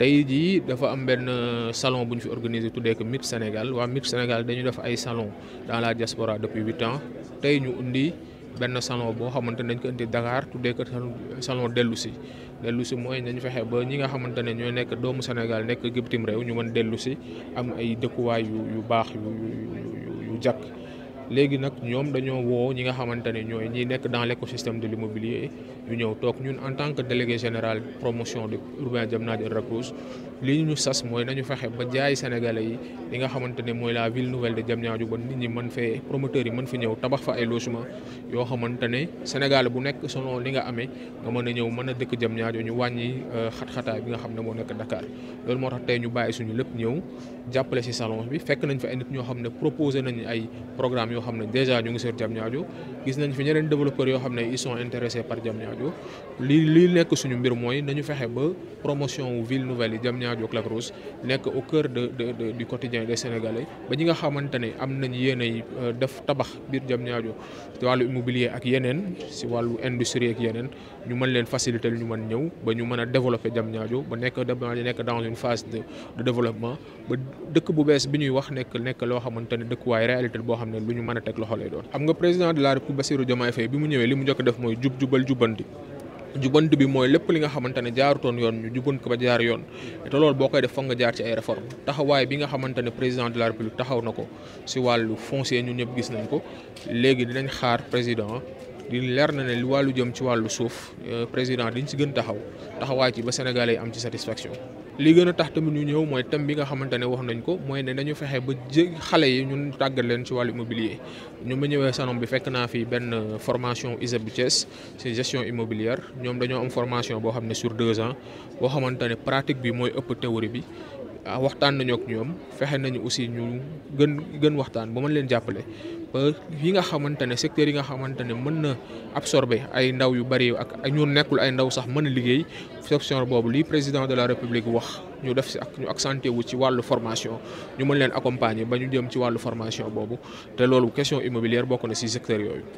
tey jii dafa am benn euh, salon bu ñu fi organisé tuddee ko MIP Sénégal waa MIP Sénégal dañu def ay salon dans la diaspora depuis huit ans tey ñu indi benn salon boo xamante ne dañ ko indi Dakar tuddee ko salon dellu si dellu si mooy nañu fexee ba ñi nga xamante ne ñooy nekk doomu Sénégal nekk bitim réew ñu mën dellu si am ay dëkkuwaay yu baax yu yu yu léegi nag ñoom dañoo woo ñi nga xamante ne ñooy ñi nekk dans l' écosystème de l' immobilier ñu ñëw toog ñun en tant que délégué général promotion de urbain Diamniadio et lac li ñu sas mooy nañu fexe ba jaay sénégalais yi li nga xamante ne mooy la ville nouvelle de Diamniadio ba nit ñi mën fee promoteurs yi mën fi ñëw tabax fa ay logement yoo xamante ne Sénégal bu nekk selon li nga amee nga mën a ñëw mën a dëkk Diamniadio ñu wàññi euh, xat-xataay bi nga xam ne moo nekk Dakar loolu moo tax tey ñu bàyyi suñu lépp ñëw jàppale ci salon bi fekk nañ ñoo xam ne proposé nañ ay yoo xam ne déjà ñu ngi sur Diamniadio gis nañ fi ñeneen développeurs yoo xam ne ils sont intéressés par Diamniadio li li nekk suñu mbir mooy nañu fexe ba promotion wu ville nouvelle yi Diamniadio ak Lac Rose nekk au cœur de de du quotidien des Sénégalais ba ñi nga xamante ne am nañ yéen euh, def tabax biir Diamniadio ci wàllu immobilier ak yeneen si wàllu industrie ak yeneen ñu mën leen faciliter ñu mën ñëw ba ñu man a développer Diamniadio ba de de développement ba dëkk bu nekk nekk loo xamante ne dëkkuwaay réalité boo mën a teg loxo lay doon xam nga président de la république Bassirou Diomaye Faye bi mu ñëwee li mu njëkk def mooy jub jubal jubbanti jubbanti bi mooy lépp li nga xamante ne jaarutoon yoon ñu jubban ko ba jaar yoon te loolu boo koy def foog nga jaar ci ay réforme taxawaay bi nga xamante ne président de la république taxaw na ko si wàllu foncier ñun ñëpp gis nañ ko léegi dinañ xaar président di leer na ne li wàllu jëm ci wàllu suuf euh, président diñ si gën taxaw taxawaay ci ba sénégalais yi am ci satisfaction li gën a tax tamit ñu ñëw mooy thème bi nga xamante ne wax nañ ko mooy ne nañu fexe ba je xale yi ñun tàggat leen ci wàllu immobilier ñu ma ñëwee salon bi fekk naa fi benn euh, formation ISEP bu Thiès ci gestion immobilière ñoom dañoo am formation boo xam ne sur deux ans boo xamante ne pratique bi mooy ëpp théorie bi Ah, waxtaan nañoo ak ñoom fexe nañu aussi ñu gën gën waxtaan ba mën leen jàppale ba yi nga xamante ne secteur yi nga xamante ne mën na absorber ay ndaw yu bari ak ñu nekkul ay ndaw sax mën a liggéey section boobu li président de la république wax ñu def si ak ñu accenté wu ci wàllu formation ñu mën leen accompagner ba ñu jëm ci wàllu formation boobu te loolu question immobilière bokk na si secteur yooyu.